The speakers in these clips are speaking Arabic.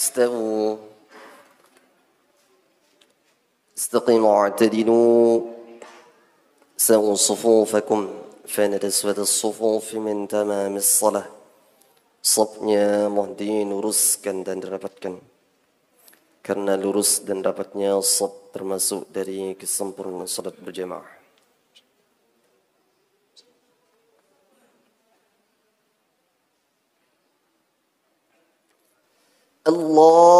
استووا استقيموا اعتدلوا سووا صفوفكم فانت اسود الصفوف من تمام الصلاه صبني مهدين ورس كندن ربتكن كرنا لرس دن ربتنيا صب ترمسو دري كسمبر صلاه الجماعه the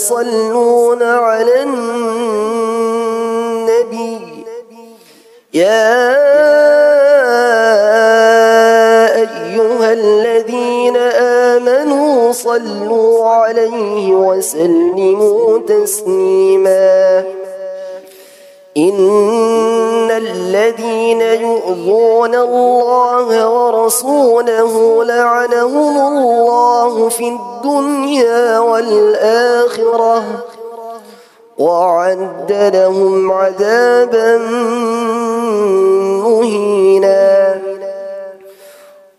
يصلون على النبي يا أيها الذين آمنوا صلوا عليه وسلموا تسليما الذين يؤذون الله ورسوله لعنهم الله في الدنيا والآخرة وعد لهم عذابا مهينا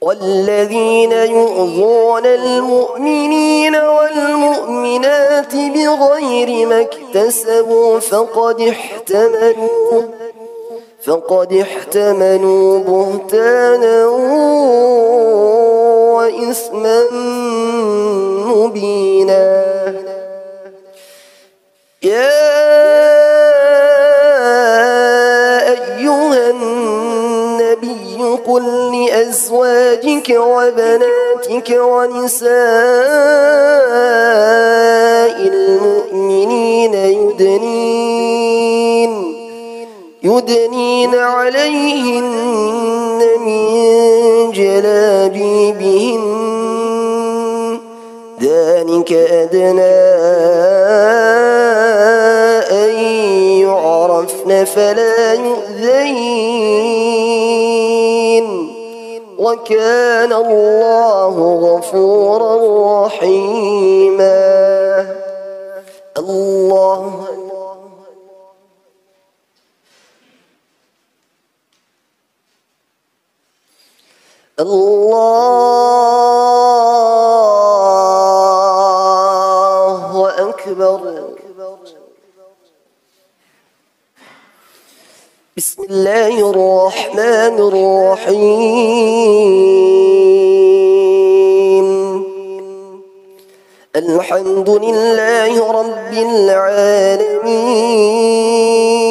والذين يؤذون المؤمنين والمؤمنات بغير ما اكتسبوا فقد احتملوا فقد احتملوا بهتانا وإثما مبينا يا أيها النبي قل لأزواجك وبناتك ونسائك يدنين عليهن من جلابيبهن ذلك أدنى أن يعرفن فلا يؤذين وكان الله غفورا رحيما الله أكبر الله أكبر بسم الله الرحمن الرحيم الحمد لله رب العالمين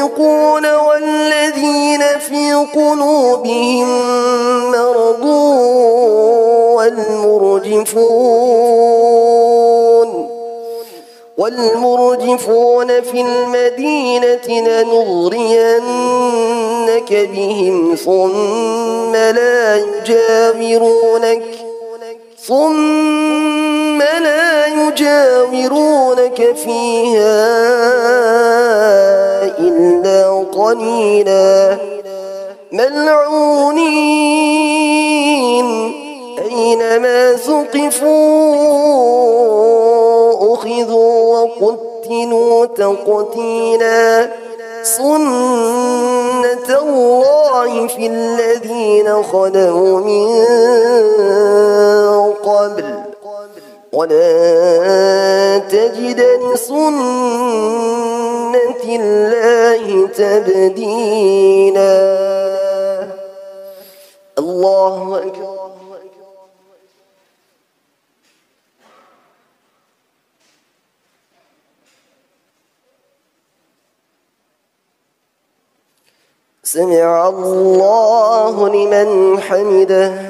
المنافقون والذين في قلوبهم مرض والمرجفون والمرجفون في المدينة لنغرينك بهم ثم لا يجاورونك ثم لا يجاورونك فيها قليلا ملعونين أينما ثقفوا أخذوا وقتلوا تقتيلا سنة الله في الذين خلوا من قبل ولا تجد لسنة سنة الله تبديلا الله أكبر سمع الله لمن حمده